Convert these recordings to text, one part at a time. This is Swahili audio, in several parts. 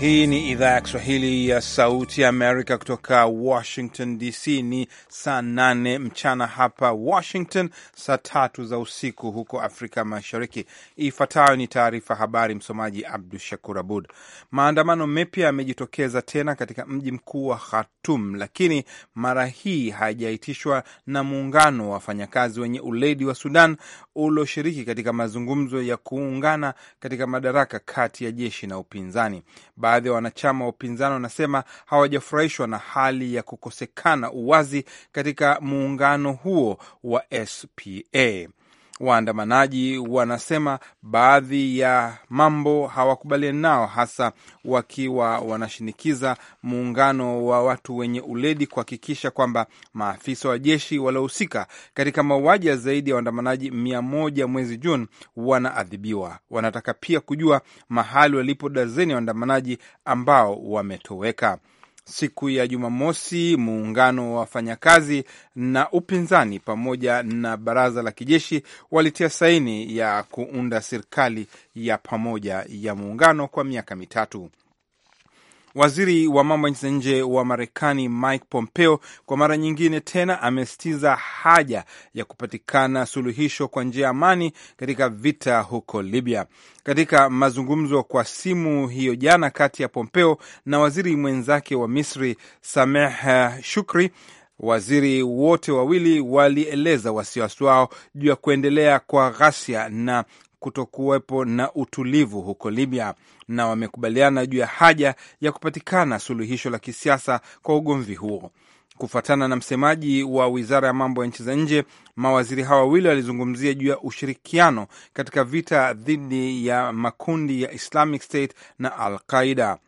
Hii ni idhaa ya Kiswahili ya Sauti ya Amerika kutoka Washington DC. Ni saa nane mchana hapa Washington, saa tatu za usiku huko Afrika Mashariki. Ifuatayo ni taarifa habari, msomaji Abdu Shakur Abud. Maandamano mapya yamejitokeza tena katika mji mkuu wa khatum lakini mara hii hajaitishwa na muungano wa wafanyakazi wenye uledi wa Sudan ulioshiriki katika mazungumzo ya kuungana katika madaraka kati ya jeshi na upinzani. Baadhi ya wanachama wa upinzani wanasema hawajafurahishwa na hali ya kukosekana uwazi katika muungano huo wa SPA. Waandamanaji wanasema baadhi ya mambo hawakubaliani nao, hasa wakiwa wanashinikiza muungano wa watu wenye uledi kuhakikisha kwamba maafisa wa jeshi waliohusika katika mauaji ya zaidi ya waandamanaji mia moja mwezi Juni wanaadhibiwa. Wanataka pia kujua mahali walipo dazeni ya waandamanaji ambao wametoweka siku ya Jumamosi, muungano wa wafanyakazi na upinzani pamoja na baraza la kijeshi walitia saini ya kuunda serikali ya pamoja ya muungano kwa miaka mitatu. Waziri wa mambo ya nchi za nje wa Marekani Mike Pompeo kwa mara nyingine tena amesitiza haja ya kupatikana suluhisho kwa njia ya amani katika vita huko Libya. Katika mazungumzo kwa simu hiyo jana kati ya Pompeo na waziri mwenzake wa Misri Sameh Shukri, waziri wote wawili walieleza wasiwasi wao juu ya kuendelea kwa ghasia na kutokuwepo na utulivu huko Libya na wamekubaliana juu ya haja ya kupatikana suluhisho la kisiasa kwa ugomvi huo. Kufuatana na msemaji wa wizara ya mambo ya nchi za nje, mawaziri hawa wawili walizungumzia juu ya ushirikiano katika vita dhidi ya makundi ya Islamic State na Al Qaida.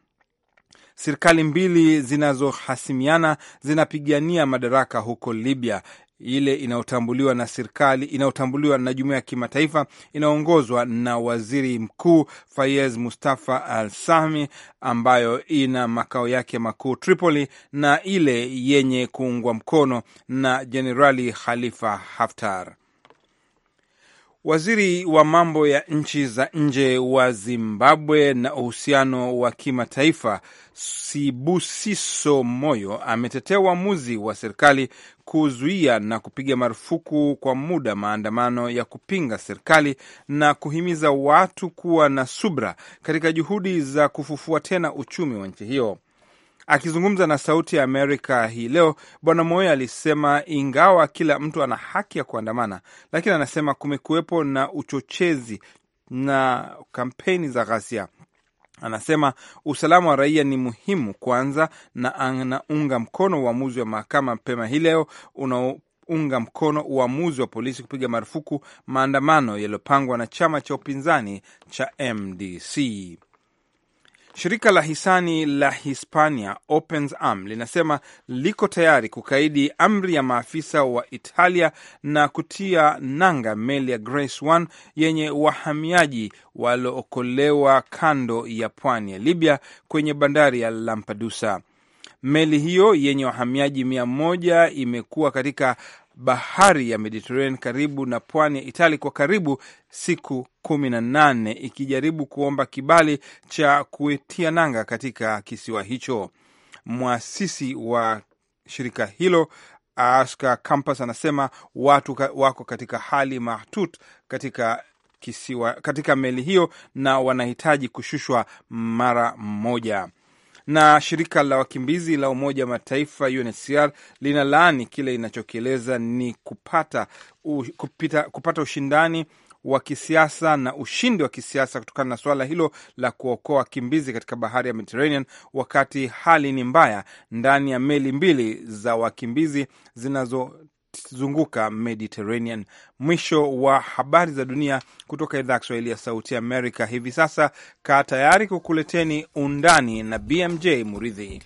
Serikali mbili zinazohasimiana zinapigania madaraka huko Libya, ile inayotambuliwa na serikali inayotambuliwa na jumuiya ya kimataifa inaongozwa na waziri mkuu Fayez Mustafa Al Sahmi, ambayo ina makao yake makuu Tripoli, na ile yenye kuungwa mkono na Jenerali Khalifa Haftar. Waziri wa mambo ya nchi za nje wa Zimbabwe na uhusiano wa kimataifa Sibusiso Moyo ametetea uamuzi wa serikali kuzuia na kupiga marufuku kwa muda maandamano ya kupinga serikali na kuhimiza watu kuwa na subra katika juhudi za kufufua tena uchumi wa nchi hiyo. Akizungumza na Sauti ya Amerika hii leo, Bwana Moyo alisema ingawa kila mtu ana haki ya kuandamana, lakini anasema kumekuwepo na uchochezi na kampeni za ghasia. Anasema usalama wa raia ni muhimu kwanza, na anaunga mkono uamuzi wa mahakama mapema hii leo unaounga mkono uamuzi wa polisi kupiga marufuku maandamano yaliyopangwa na chama cha upinzani cha MDC. Shirika la hisani la Hispania Open Arms linasema liko tayari kukaidi amri ya maafisa wa Italia na kutia nanga meli ya Grace One yenye wahamiaji waliookolewa kando ya pwani ya Libya kwenye bandari ya Lampedusa. Meli hiyo yenye wahamiaji mia moja imekuwa katika bahari ya Mediterranean karibu na pwani ya Itali kwa karibu siku kumi na nane ikijaribu kuomba kibali cha kuetia nanga katika kisiwa hicho. Mwasisi wa shirika hilo Aska Campas anasema watu wako katika hali mahtut katika kisiwa, katika meli hiyo na wanahitaji kushushwa mara moja. Na shirika la wakimbizi la Umoja wa Mataifa UNHCR linalaani kile inachokieleza ni kupata, u, kupita, kupata ushindani wa kisiasa na ushindi wa kisiasa kutokana na suala hilo la kuokoa wakimbizi katika bahari ya Mediterranean, wakati hali ni mbaya ndani ya meli mbili za wakimbizi zinazo zunguka Mediterranean. Mwisho wa habari za dunia kutoka idhaa ya Kiswahili ya Sauti Amerika. Hivi sasa kaa tayari kukuleteni Undani na BMJ Muridhi.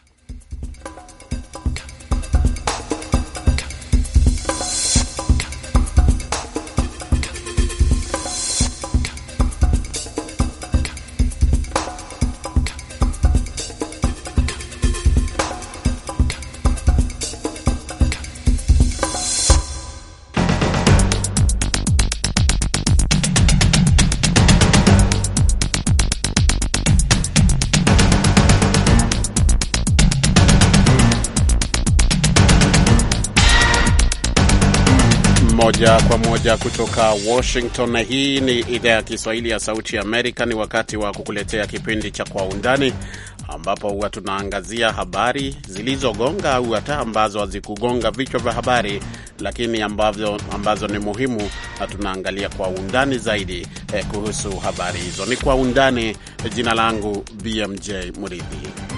moja kwa moja kutoka Washington, na hii ni idhaa ya Kiswahili ya Sauti ya Amerika. Ni wakati wa kukuletea kipindi cha Kwa Undani, ambapo huwa tunaangazia habari zilizogonga au hata ambazo hazikugonga vichwa vya habari, lakini ambazo, ambazo ni muhimu, na tunaangalia kwa undani zaidi eh, kuhusu habari hizo. Ni Kwa Undani. Jina langu BMJ Muridhi.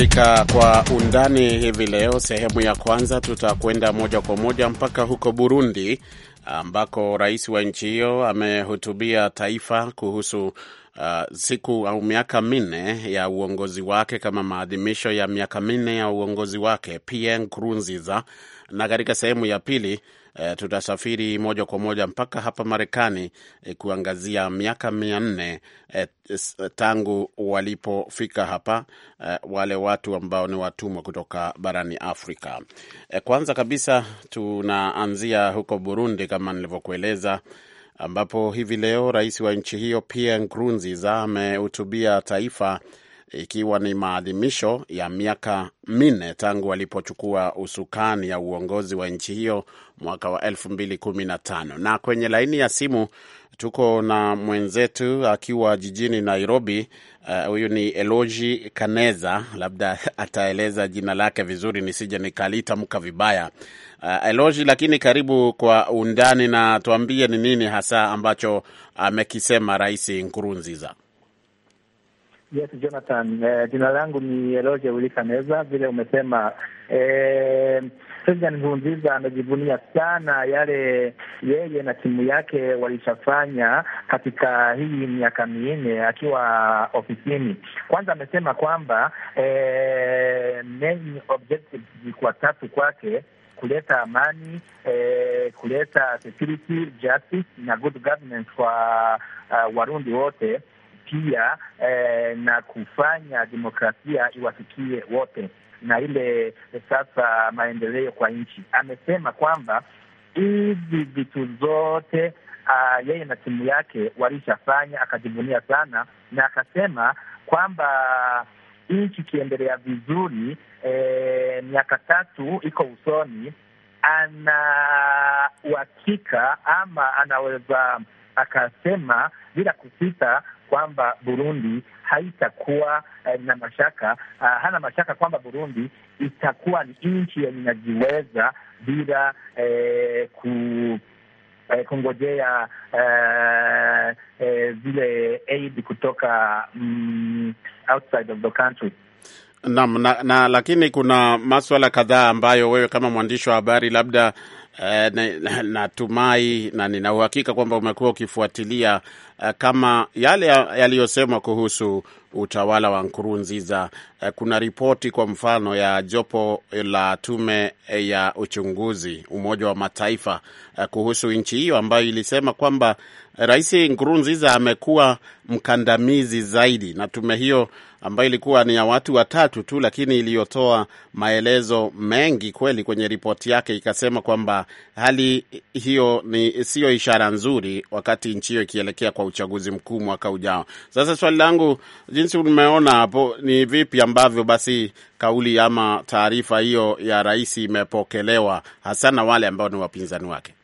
Katika kwa undani hivi leo, sehemu ya kwanza tutakwenda moja kwa moja mpaka huko Burundi ambako rais wa nchi hiyo amehutubia taifa kuhusu uh, siku au miaka minne ya uongozi wake kama maadhimisho ya miaka minne ya uongozi wake Pierre Nkurunziza, na katika sehemu ya pili e, tutasafiri moja kwa moja mpaka hapa Marekani e, kuangazia miaka mia nne e, tangu walipofika hapa e, wale watu ambao ni watumwa kutoka barani Afrika. E, kwanza kabisa tunaanzia huko Burundi kama nilivyokueleza ambapo hivi leo rais wa nchi hiyo Pierre Nkurunziza amehutubia taifa ikiwa ni maadhimisho ya miaka minne tangu alipochukua usukani ya uongozi wa nchi hiyo mwaka wa 2015. Na kwenye laini ya simu tuko na mwenzetu akiwa jijini Nairobi. Eh, huyu uh, ni Eloji Kaneza, labda ataeleza jina lake vizuri nisije nikalitamka vibaya. Uh, Eloji, lakini karibu kwa undani na tuambie ni nini hasa ambacho amekisema uh, Rais Nkurunziza. Yes, Jonathan. Eh, jina langu ni Eloje wilikaneza Vile umesema eh, President Nkurunziza amejivunia sana yale yeye na timu yake walishafanya katika hii miaka minne akiwa ofisini. Kwanza amesema kwamba eh, main objectives zilikuwa tatu kwake kuleta amani eh, kuleta security, justice na good governance kwa uh, Warundi wote pia eh, na kufanya demokrasia iwafikie wote na ile eh, sasa maendeleo kwa nchi. Amesema kwamba hizi vitu zote uh, yeye na timu yake walishafanya, akajivunia sana, na akasema kwamba nchi ikiendelea vizuri eh, miaka eh, tatu iko usoni, ana uhakika ama anaweza akasema bila kusita kwamba Burundi haitakuwa eh, na mashaka ah, hana mashaka kwamba Burundi itakuwa ni nchi yenye inajiweza bila eh, ku eh, kungojea eh, eh, zile aid kutoka mm, outside of the country. Naam na, na lakini kuna maswala kadhaa ambayo wewe kama mwandishi wa habari labda eh, natumai na, na nina uhakika kwamba umekuwa ukifuatilia eh, kama yale yaliyosemwa kuhusu utawala wa Nkurunziza. Eh, kuna ripoti kwa mfano ya jopo la tume eh, ya uchunguzi Umoja wa Mataifa eh, kuhusu nchi hiyo ambayo ilisema kwamba Rais Nkurunziza amekuwa mkandamizi zaidi, na tume hiyo ambayo ilikuwa ni ya watu watatu tu, lakini iliyotoa maelezo mengi kweli kwenye ripoti yake ikasema kwamba hali hiyo ni siyo ishara nzuri, wakati nchi hiyo ikielekea kwa uchaguzi mkuu mwaka ujao. Sasa swali langu, jinsi umeona hapo, ni vipi ambavyo basi kauli ama taarifa hiyo ya rais imepokelewa hasa na wale ambao ni wapinzani wake?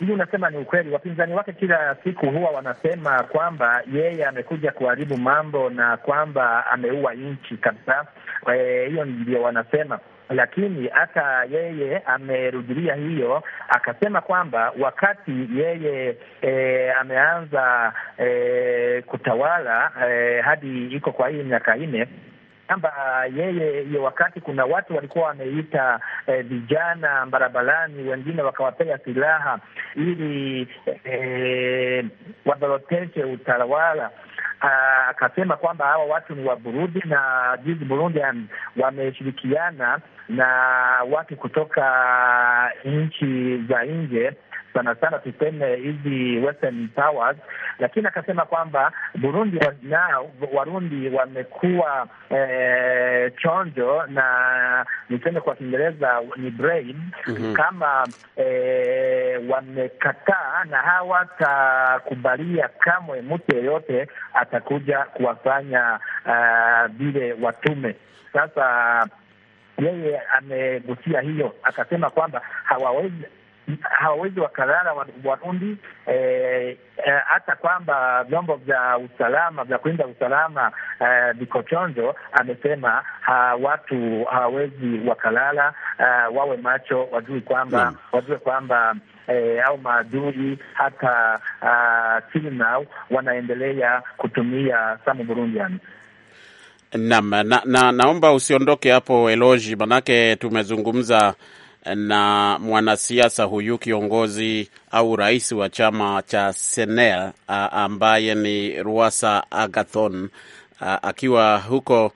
hii unasema ni ukweli. Wapinzani wake kila siku huwa wanasema kwamba yeye amekuja kuharibu mambo na kwamba ameua nchi kabisa. Eh, hiyo ndio wanasema lakini hata yeye amerudilia hiyo, akasema kwamba wakati yeye e, ameanza e, kutawala e, hadi iko kwa hii miaka nne kwamba ah, yeye hiyo wakati kuna watu walikuwa wameita eh, vijana barabarani, wengine wakawapea silaha ili eh, wadoroteshe utawala. Ah, akasema kwamba hawa watu ni wa Burundi na jizi Burundi wameshirikiana na watu kutoka nchi za nje sana sana tuseme hizi western powers, lakini akasema kwamba Burundi na Warundi wamekuwa eh, chonjo na niseme kwa Kiingereza ni brain mm -hmm. kama eh, wamekataa na hawatakubalia kamwe mtu yeyote atakuja kuwafanya ah, vile uh, watume sasa yeye amegusia hiyo akasema kwamba hawawezi hawawezi wakalala Warundi eh, eh, hata e, e, kwamba vyombo vya usalama vya kulinda usalama eh, viko e, chonjo. Amesema ha, watu hawawezi wakalala, uh, wawe macho, hmm. wajue kwamba mm, wajue kwamba E, au maadui hata uh, ah, now wanaendelea kutumia samu Burundian. Naam na, na, naomba usiondoke hapo Eloji, manake tumezungumza na mwanasiasa huyu kiongozi au rais wa chama cha Senel ambaye ni Ruasa Agathon akiwa huko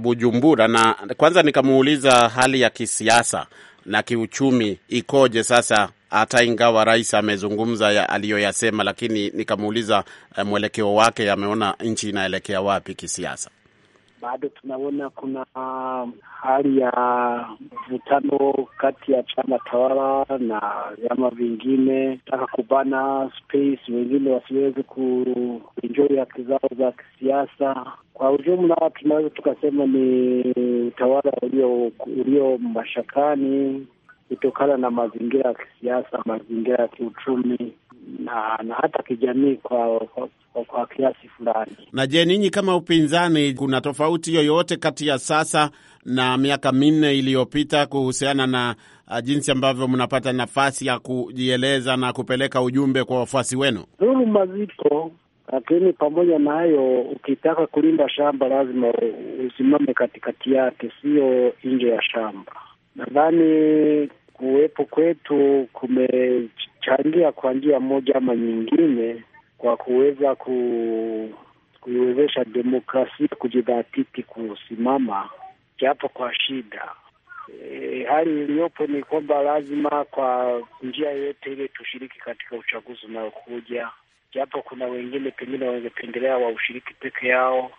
Bujumbura, na kwanza nikamuuliza hali ya kisiasa na kiuchumi ikoje sasa, hata ingawa rais amezungumza aliyoyasema, lakini nikamuuliza mwelekeo wake, ameona nchi inaelekea wapi kisiasa bado tunaona kuna um, hali ya mvutano kati ya chama tawala na vyama vingine, taka kubana space, wengine wasiweze kuenjoi haki zao za kisiasa. Kwa ujumla, tunaweza tukasema ni utawala ulio ulio mashakani kutokana na mazingira ya kisiasa, mazingira ya kiuchumi na, na hata kijamii kwa, kwa, kwa, kwa kiasi fulani. Na je, ninyi kama upinzani, kuna tofauti yoyote kati ya sasa na miaka minne iliyopita kuhusiana na uh, jinsi ambavyo mnapata nafasi ya kujieleza na kupeleka ujumbe kwa wafuasi wenu? Dhuluma zipo, lakini pamoja na hayo, ukitaka kulinda shamba lazima usimame katikati yake, sio nje ya shamba. Nadhani kuwepo kwetu kumechangia kwa njia moja ama nyingine kwa kuweza ku kuiwezesha demokrasia kujidhatiti kusimama japo kwa shida. E, hali iliyopo ni kwamba lazima kwa njia yoyote ile tushiriki katika uchaguzi unaokuja, japo kuna wengine pengine wangependelea waushiriki peke yao,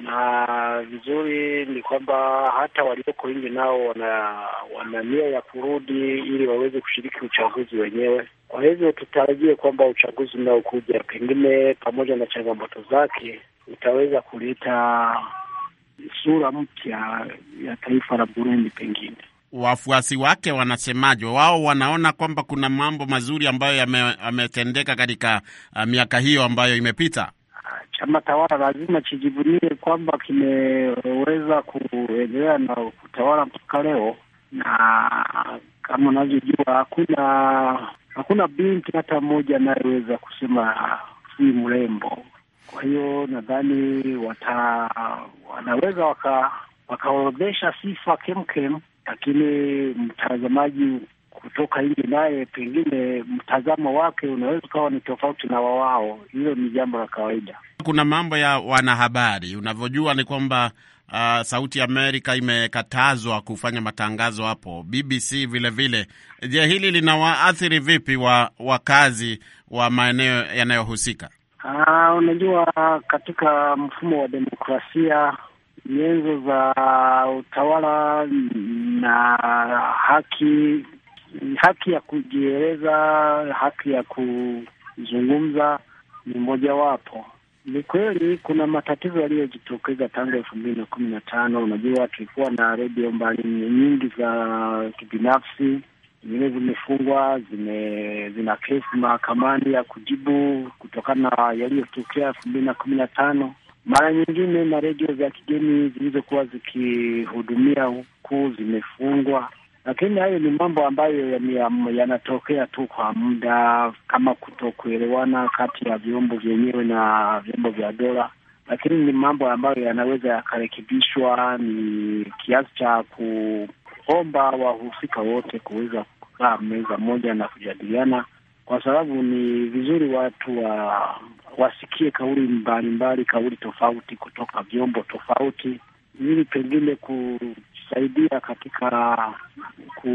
na vizuri ni kwamba hata walioko nje nao wana wana nia ya kurudi ili waweze kushiriki uchaguzi wenyewe. Kwa hivyo tutarajie kwamba uchaguzi unaokuja pengine, pamoja na changamoto zake, utaweza kuleta sura mpya ya taifa la Burundi. Pengine wafuasi wake wanasemaje? Wao wanaona kwamba kuna mambo mazuri ambayo yametendeka katika uh, miaka hiyo ambayo imepita chama tawala lazima kijivunie kwamba kimeweza kuendelea na kutawala mpaka leo, na kama unavyojua hakuna hakuna binti hata mmoja anayeweza kusema si mrembo. Kwa hiyo nadhani wata wanaweza wakaorodhesha sifa kemkem, lakini mtazamaji kutoka nje, naye pengine mtazamo wake unaweza ukawa ni tofauti na wawao. Hilo ni jambo la kawaida. Kuna mambo ya wanahabari, unavyojua ni kwamba Uh, Sauti Amerika imekatazwa kufanya matangazo hapo, BBC vilevile vile. Je, hili linawaathiri vipi wa wakazi wa maeneo yanayohusika? Uh, unajua katika mfumo wa demokrasia nyenzo za utawala na haki haki ya kujieleza, haki ya kuzungumza ni mojawapo. Ni kweli kuna matatizo yaliyojitokeza tangu elfu mbili na kumi na tano. Unajua, tulikuwa na redio mbali nyingi za kibinafsi, zingine zimefungwa, zime zina kesi mahakamani ya kujibu kutokana na yaliyotokea elfu mbili na kumi na tano. Mara nyingine na redio za kigeni zilizokuwa zikihudumia huku zimefungwa. Lakini hayo ni mambo ambayo yanatokea tu kwa muda, kama kutokuelewana kati ya vyombo vyenyewe na vyombo vya dola, lakini ni mambo ambayo yanaweza yakarekebishwa. Ni kiasi cha kuomba wahusika wote kuweza kukaa meza moja na kujadiliana, kwa sababu ni vizuri watu wa wasikie kauli mbalimbali, kauli tofauti kutoka vyombo tofauti, ili pengine ku kusaidia katika ku,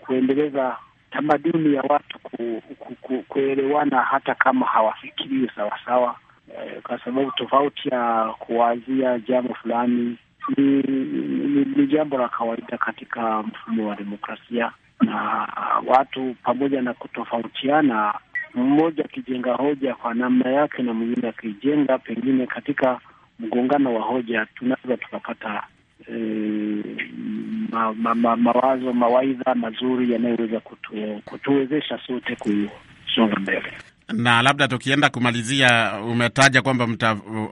kuendeleza tamaduni ya watu ku, ku, ku, kuelewana hata kama hawafikirii sawasawa, e, eh, kwa sababu tofauti ya kuwazia jambo fulani ni, ni, ni jambo la kawaida katika mfumo wa demokrasia, na watu pamoja na kutofautiana, mmoja akijenga hoja kwa namna yake na mwingine akijenga pengine katika mgongano wa hoja tunaweza tukapata Eh, ma, ma, ma, mawazo, mawaidha mazuri yanayoweza kutu, kutuwezesha sote kusonga mbele. Na labda tukienda kumalizia, umetaja kwamba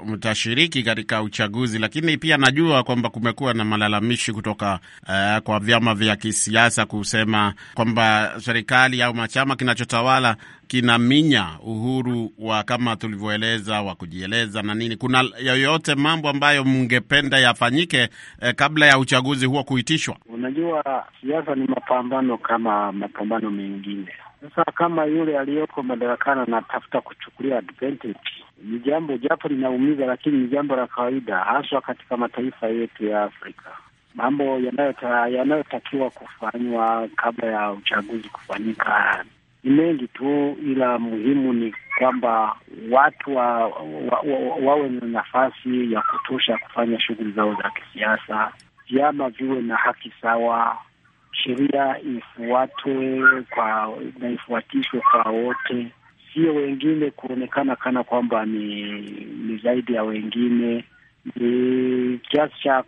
mtashiriki mta katika uchaguzi, lakini pia najua kwamba kumekuwa na malalamishi kutoka uh, kwa vyama vya kisiasa kusema kwamba serikali au machama kinachotawala kinaminya uhuru wa kama tulivyoeleza wa kujieleza na nini. Kuna yoyote mambo ambayo mngependa yafanyike uh, kabla ya uchaguzi huo kuitishwa? Unajua siasa ni mapambano kama mapambano mengine sasa kama yule aliyoko madarakani anatafuta kuchukulia advantage, ni jambo japo linaumiza, lakini ni jambo la kawaida, haswa katika mataifa yetu ya Afrika. Mambo yanayotakiwa kufanywa kabla ya uchaguzi kufanyika ni mengi tu, ila muhimu ni kwamba watu wa, wa, wa, wawe na nafasi ya kutosha kufanya shughuli zao za kisiasa, vyama viwe na haki sawa sheria ifuatwe kwa na ifuatishwe kwa wote, sio wengine kuonekana kana kwamba ni, ni zaidi ya wengine. Ni kiasi cha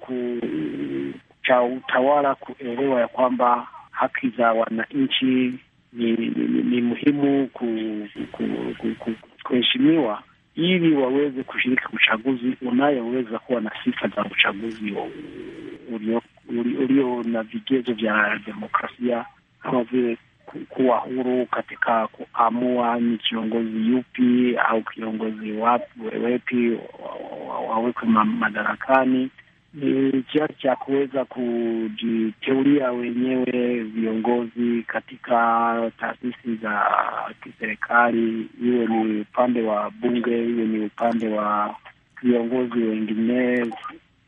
cha utawala kuelewa ya kwamba haki za wananchi ni, ni, ni, ni muhimu kuheshimiwa ku, ku, ku, ku, ili waweze kushiriki uchaguzi unayoweza kuwa na sifa za uchaguzi ulio, ulio na vigezo vya demokrasia kama vile kuwa huru katika kuamua ni kiongozi yupi au kiongozi wapi wepi wawekwe madarakani ni kiasi cha kuweza kujiteulia wenyewe viongozi katika taasisi za kiserikali, iwe ni upande wa bunge, iwe ni upande wa viongozi wengine,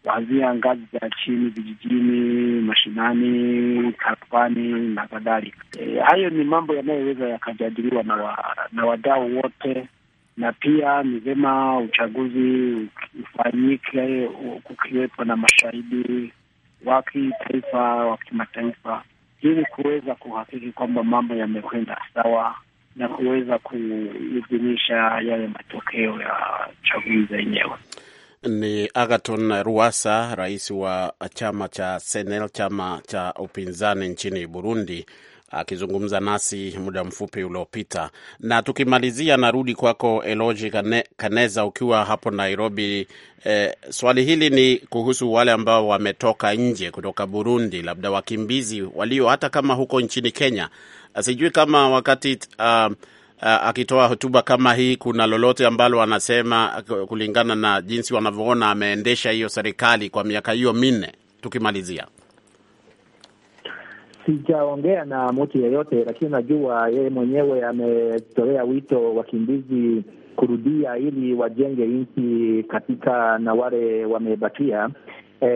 kuanzia ngazi za chini, vijijini, mashinani, tarafani na kadhalika. E, hayo ni mambo yanayoweza yakajadiliwa na, wa, na wadau wote na pia ni vyema uchaguzi ufanyike kukiwepo na mashahidi wa kitaifa wa kimataifa, ili kuweza kuhakiki kwamba mambo yamekwenda sawa na kuweza kuidhinisha yale matokeo ya chaguzi zenyewe. Ni Agaton ruasa rais wa chama cha Senel, chama cha upinzani nchini Burundi akizungumza nasi muda mfupi uliopita. Na tukimalizia, narudi kwako Eloji Kaneza ukiwa hapo Nairobi. E, swali hili ni kuhusu wale ambao wametoka nje kutoka Burundi, labda wakimbizi walio hata kama huko nchini Kenya. Sijui kama wakati uh, Uh, akitoa hotuba kama hii kuna lolote ambalo anasema kulingana na jinsi wanavyoona ameendesha hiyo serikali kwa miaka hiyo minne tukimalizia Sijaongea na mtu yeyote, lakini najua yeye mwenyewe ametolea wito wakimbizi kurudia ili wajenge nchi katika na wale wamebakia. E,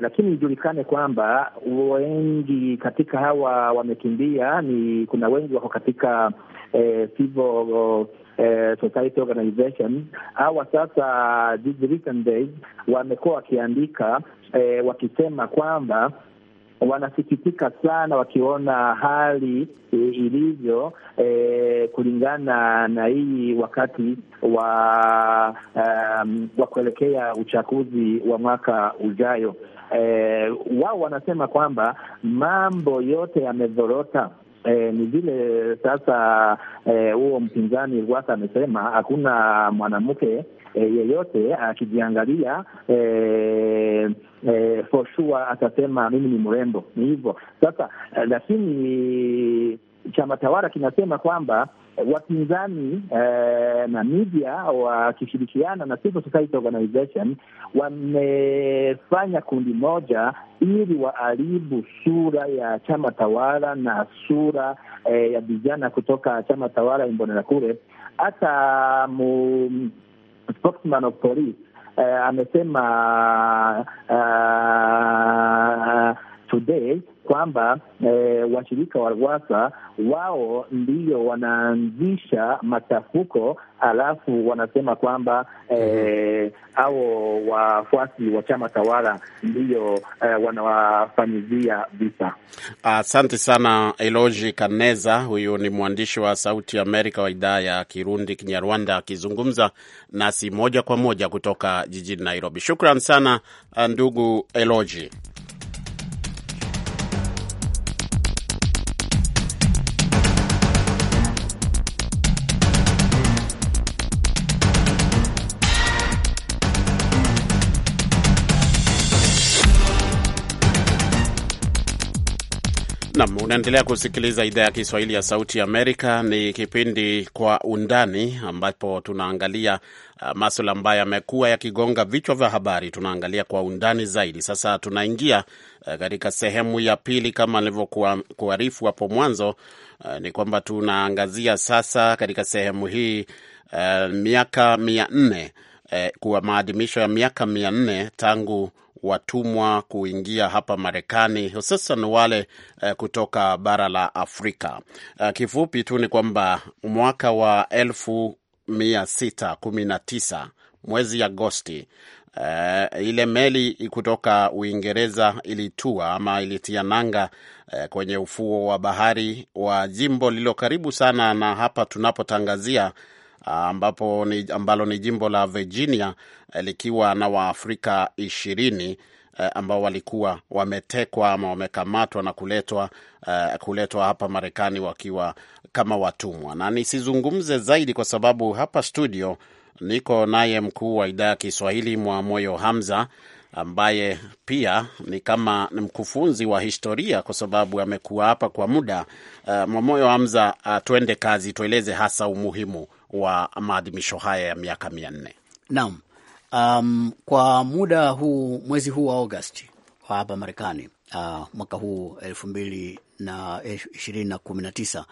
lakini ijulikane kwamba wengi katika hawa wamekimbia ni kuna wengi wako katika e, civil e, society organization. Hawa sasa these recent days wamekuwa wakiandika e, wakisema kwamba wanasikitika sana wakiona hali e, ilivyo e, kulingana na hii wakati wa um, wa kuelekea uchaguzi wa mwaka ujayo. E, wao wanasema kwamba mambo yote yamedhorota. E, ni vile sasa huo e, mpinzani Rwasa amesema hakuna mwanamke e, yeyote akijiangalia e, eh, for sure atasema mimi ni mrembo, ni hivyo sasa. Eh, lakini chama tawala kinasema kwamba wapinzani eh, na media wakishirikiana na civil society organization wamefanya kundi moja ili waharibu sura ya chama tawala na sura eh, ya vijana kutoka chama tawala Imbonerakure. Hata spokesman of police Eh, amesema eh, Today kwamba eh, washirika wa Rwasa wao ndio wanaanzisha machafuko, alafu wanasema kwamba eh, ao wafuasi wa chama tawala ndio eh, wanawafanyizia visa. Asante uh, sana Eloji Kaneza. Huyu ni mwandishi wa Sauti ya Amerika wa idhaa ya Kirundi Kinyarwanda akizungumza nasi moja kwa moja kutoka jijini Nairobi. Shukran sana ndugu Eloji. Nam, unaendelea kusikiliza idhaa ya Kiswahili ya Sauti ya Amerika. Ni kipindi Kwa Undani, ambapo tunaangalia uh, maswala ambayo yamekuwa yakigonga vichwa vya habari. Tunaangalia kwa undani zaidi. Sasa tunaingia uh, katika uh, sehemu ya pili, kama nilivyokuarifu hapo mwanzo, uh, ni kwamba tunaangazia sasa katika sehemu hii uh, miaka mia nne uh, kuwa maadhimisho ya miaka mia nne tangu watumwa kuingia hapa Marekani, hususan wale eh, kutoka bara la Afrika. Eh, kifupi tu ni kwamba mwaka wa elfu mia sita kumi na tisa mwezi Agosti eh, ile meli kutoka Uingereza ilitua ama ilitia nanga eh, kwenye ufuo wa bahari wa jimbo lililo karibu sana na hapa tunapotangazia ambapo ni, ambalo ni jimbo la Virginia eh, likiwa na Waafrika ishirini eh, ambao walikuwa wametekwa ama wamekamatwa na kuletwa uh, kuletwa hapa Marekani wakiwa kama watumwa. Na nisizungumze zaidi kwa sababu hapa studio niko naye mkuu wa idhaa ya Kiswahili Mwamoyo Hamza ambaye pia ni kama ni mkufunzi wa historia kwa sababu amekuwa hapa kwa muda. Uh, Mwamoyo Hamza, uh, twende kazi, tueleze hasa umuhimu wa maadhimisho haya ya miaka mia nne. Naam. Um, kwa muda huu mwezi huu wa Agosti wa hapa Marekani uh, mwaka huu elfu mbili na ishirini na kumi na tisa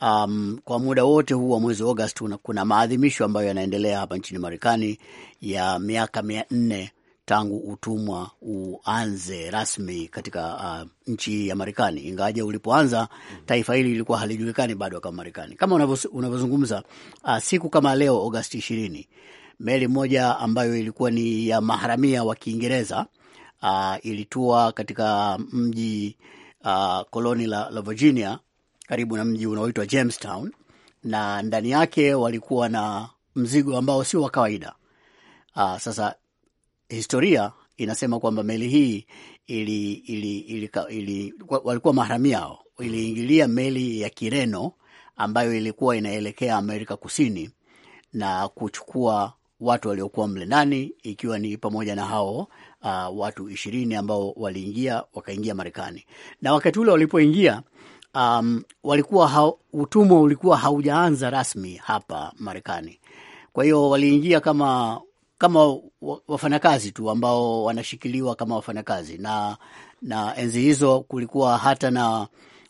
um, kwa muda wote huu wa mwezi wa Agosti kuna maadhimisho ambayo yanaendelea hapa nchini Marekani ya miaka mia nne tangu utumwa uanze rasmi katika uh, nchi ya Marekani. Ingawaje ulipoanza mm-hmm. taifa hili lilikuwa halijulikani bado kama Marekani. Kama unavyozungumza, uh, siku kama leo Agosti ishirini, meli moja ambayo ilikuwa ni ya maharamia wa Kiingereza uh, ilitua katika mji uh, koloni la, la Virginia karibu na mji unaoitwa Jamestown, na ndani yake walikuwa na mzigo ambao sio wa kawaida. Uh, sasa historia inasema kwamba meli hii ili, ili, ili, ili, walikuwa maharamia yao iliingilia meli ya Kireno ambayo ilikuwa inaelekea Amerika Kusini na kuchukua watu waliokuwa mle ndani ikiwa ni pamoja na hao uh, watu ishirini ambao waliingia wakaingia Marekani. Na wakati ule walipoingia, um, walikuwa ha utumwa ulikuwa haujaanza rasmi hapa Marekani. Kwa hiyo waliingia kama kama wafanyakazi tu ambao wanashikiliwa kama wafanyakazi, na na enzi hizo kulikuwa hata na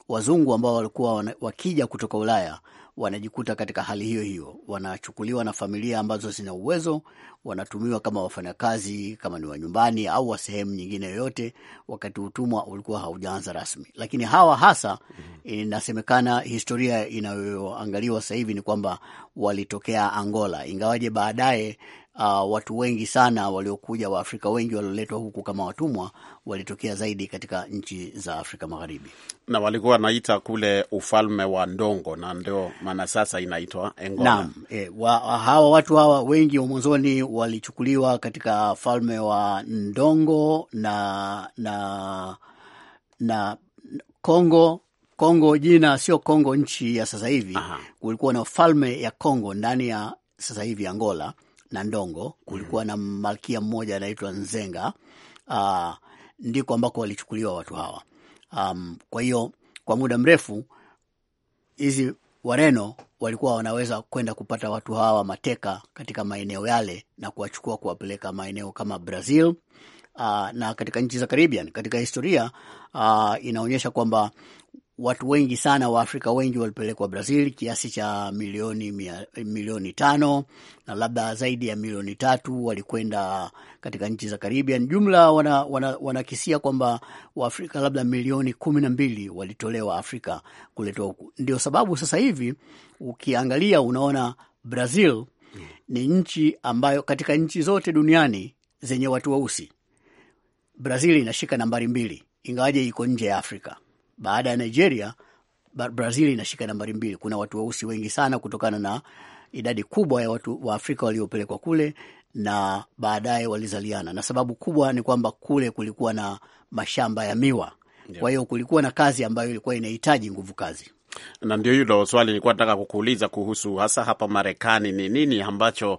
wazungu ambao walikuwa wakija kutoka Ulaya wanajikuta katika hali hiyo hiyo, wanachukuliwa na familia ambazo zina uwezo, wanatumiwa kama wafanyakazi, kama ni wa nyumbani au wa sehemu nyingine yoyote, wakati utumwa ulikuwa haujaanza rasmi. Lakini hawa hasa, mhm. inasemekana historia inayoangaliwa sasa hivi ni kwamba walitokea Angola, ingawaje baadaye uh, watu wengi sana waliokuja, Waafrika wengi walioletwa huku kama watumwa walitokea zaidi katika nchi za Afrika Magharibi, na walikuwa wanaita kule ufalme wa Ndongo, na ndio maana sasa inaitwa Engoma. Naam, e, wa, hawa watu hawa wengi wa mwanzoni walichukuliwa katika falme wa Ndongo na na na Kongo Kongo jina sio Kongo nchi ya sasa hivi. Kulikuwa na falme ya Kongo ndani ya sasa hivi Angola na Ndongo kulikuwa mm. na malkia mmoja anaitwa Nzenga. Uh, ndiko ambako walichukuliwa watu hawa. Um, kwa hiyo kwa muda mrefu hizi Wareno walikuwa wanaweza kwenda kupata watu hawa mateka katika maeneo yale na kuwachukua kuwapeleka maeneo kama Brazil. Uh, na katika nchi za Caribbean, katika historia uh, inaonyesha kwamba watu wengi sana wa afrika wengi walipelekwa Brazil kiasi cha milioni, mia, milioni tano na labda zaidi ya milioni tatu walikwenda katika nchi za Caribbean. Jumla wanakisia wana, wana kwamba Waafrika labda milioni kumi na mbili walitolewa Afrika kuletwa huku. Ndio sababu sasa hivi ukiangalia unaona Brazil ni nchi ambayo katika nchi zote duniani zenye watu weusi Brazil inashika nambari mbili, ingawaje iko nje ya Afrika baada ya Nigeria, Brazil inashika nambari mbili. Kuna watu weusi wengi sana kutokana na idadi kubwa ya watu wa Afrika waliopelekwa kule na baadaye walizaliana, na sababu kubwa ni kwamba kule kulikuwa na mashamba ya miwa yeah. Kwa hiyo kulikuwa na kazi ambayo ilikuwa inahitaji nguvu kazi na ndio hilo swali nilikuwa nataka kukuuliza kuhusu hasa hapa Marekani, ni nini ambacho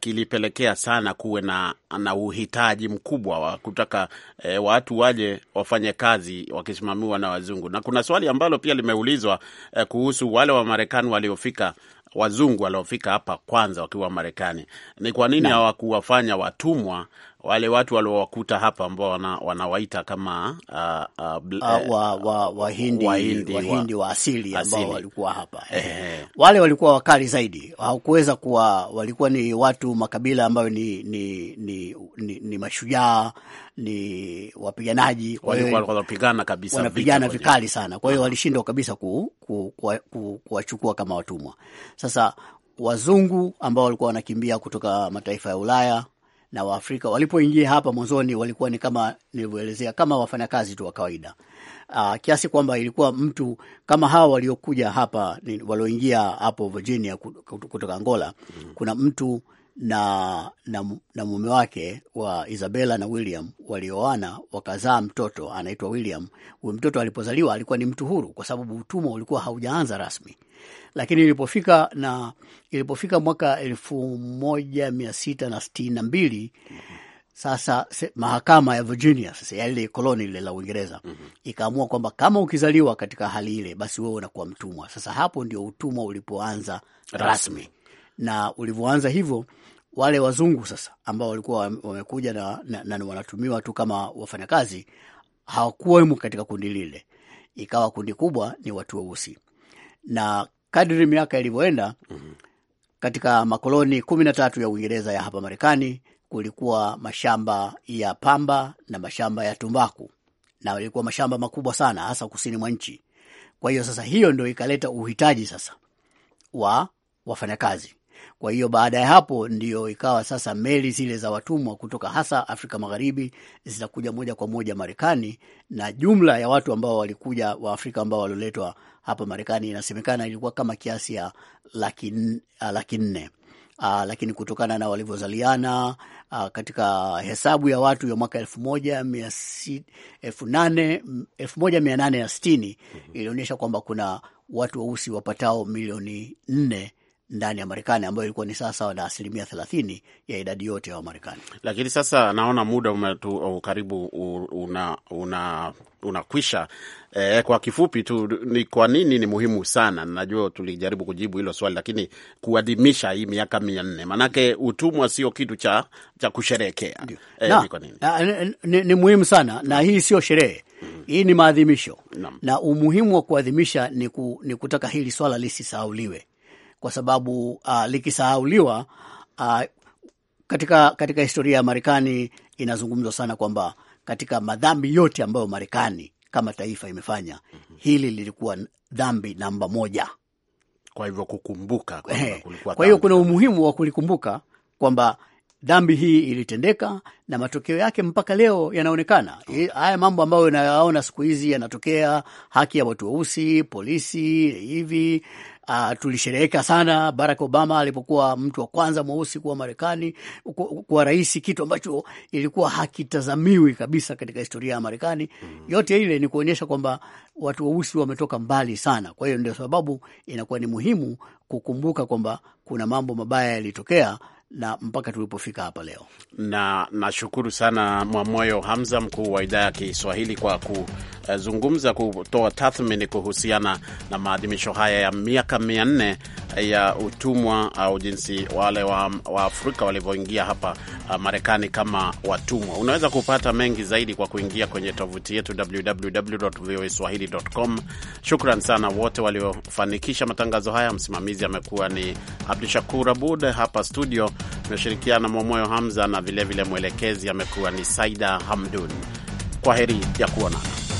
kilipelekea sana kuwe na, na uhitaji mkubwa wa kutaka e, watu waje wafanye kazi wakisimamiwa na wazungu. Na kuna swali ambalo pia limeulizwa e, kuhusu wale wa Marekani waliofika wazungu waliofika hapa kwanza wakiwa Marekani, ni kwa nini hawakuwafanya watumwa wale watu waliowakuta hapa ambao wana, wanawaita kama uh, uh, bl, uh, wa, wa, Wahindi, Wahindi, Wahindi wa, wa asili ambao walikuwa hapa eh. Wale walikuwa wakali zaidi, hawakuweza kuwa, walikuwa ni watu makabila ambayo ni, ni, ni, ni, ni mashujaa ni wapiganaji, kwa hiyo wanapigana kabisa, wanapigana vikali sana, kwa hiyo walishindwa kabisa kuwachukua ku, ku, ku, kama watumwa. Sasa wazungu ambao walikuwa wanakimbia kutoka mataifa ya Ulaya na Waafrika walipoingia hapa mwanzoni walikuwa ni kama nilivyoelezea, kama wafanyakazi tu wa kawaida uh, kiasi kwamba ilikuwa mtu kama hawa waliokuja hapa walioingia hapo Virginia kutoka Angola, kuna mtu na, na, na mume wake wa Isabella na William walioana wakazaa mtoto anaitwa William. Huyu mtoto alipozaliwa alikuwa ni mtu huru, kwa sababu utumwa ulikuwa haujaanza rasmi, lakini ilipofika na ilipofika mwaka elfu moja mia sita na sitini na mbili sasa se, mahakama ya Virginia sasa ya ile koloni lile la Uingereza mm -hmm. ikaamua kwamba kama ukizaliwa katika hali ile, basi wewe unakuwa mtumwa. Sasa hapo ndio utumwa ulipoanza rasmi, rasmi. na ulivyoanza hivyo wale wazungu sasa ambao walikuwa wamekuja na, na, na wanatumiwa tu kama wafanyakazi hawakuwemo katika kundi lile, ikawa kundi kubwa ni watu weusi, na kadri miaka ilivyoenda mm -hmm. Katika makoloni kumi na tatu ya Uingereza ya hapa Marekani kulikuwa mashamba ya pamba na mashamba ya tumbaku, na ilikuwa mashamba makubwa sana, hasa kusini mwa nchi. Kwa hiyo sasa, hiyo ndo ikaleta uhitaji sasa wa wafanyakazi kwa hiyo baada ya hapo ndio ikawa sasa meli zile za watumwa kutoka hasa Afrika Magharibi zitakuja moja kwa moja Marekani, na jumla ya watu ambao walikuja Waafrika ambao walioletwa hapa Marekani inasemekana ilikuwa kama kiasi ya laki, laki nne. Uh, lakini kutokana na walivyozaliana uh, katika hesabu ya watu ya mwaka elfu moja mia si, elfu nane, elfu moja mia nane na sitini mm -hmm. ilionyesha kwamba kuna watu weusi wapatao milioni nne ndani ya Marekani ambayo ilikuwa ni sawa sawa na asilimia thelathini ya idadi yote ya Wamarekani. Lakini sasa naona muda umetu, karibu una, una unakwisha. E, kwa kifupi tu ni kwa nini ni muhimu sana, najua tulijaribu kujibu hilo swali, lakini kuadhimisha hii miaka mia nne maanake utumwa sio kitu cha, cha kusherehekea. E, ni kwa nini na, ni, ni muhimu sana na hii sio sherehe mm. Hii ni maadhimisho na, na umuhimu wa kuadhimisha ni, ku, ni kutaka hili swala lisisahauliwe kwa sababu uh, likisahauliwa uh, katika, katika historia ya Marekani inazungumzwa sana kwamba katika madhambi yote ambayo Marekani kama taifa imefanya mm -hmm. hili lilikuwa dhambi namba moja. Kwa hivyo kukumbuka, kwa hivyo eh, kulikuwa kwa hiyo kuna umuhimu wa kulikumbuka kwamba dhambi hii ilitendeka na matokeo yake mpaka leo yanaonekana. Oh. Eh, haya mambo ambayo unayaona siku hizi yanatokea, haki ya watu weusi, polisi hivi Uh, tulishereheka sana Barack Obama alipokuwa mtu wa kwanza mweusi kuwa Marekani, kuwa rais, kitu ambacho ilikuwa hakitazamiwi kabisa katika historia ya Marekani. Hmm. Yote ile ni kuonyesha kwamba watu weusi wametoka mbali sana. Kwa hiyo ndio sababu inakuwa ni muhimu kukumbuka kwamba kuna mambo mabaya yalitokea na mpaka tulipofika hapa leo. Na nashukuru sana Mwamoyo Hamza, mkuu wa idhaa ya Kiswahili, kwa kuzungumza, kutoa tathmini kuhusiana na maadhimisho haya ya miaka mia nne ya utumwa au jinsi wale wa, wa Afrika walivyoingia hapa uh, Marekani kama watumwa. Unaweza kupata mengi zaidi kwa kuingia kwenye tovuti yetu www.voaswahili.com. Shukran sana wote waliofanikisha matangazo haya. Msimamizi amekuwa ni Abdu Shakur Abud, hapa studio Imeshirikiana Mwamoyo Hamza na vilevile mwelekezi amekuwa ni Saida Hamdun. Kwa heri ya kuonana.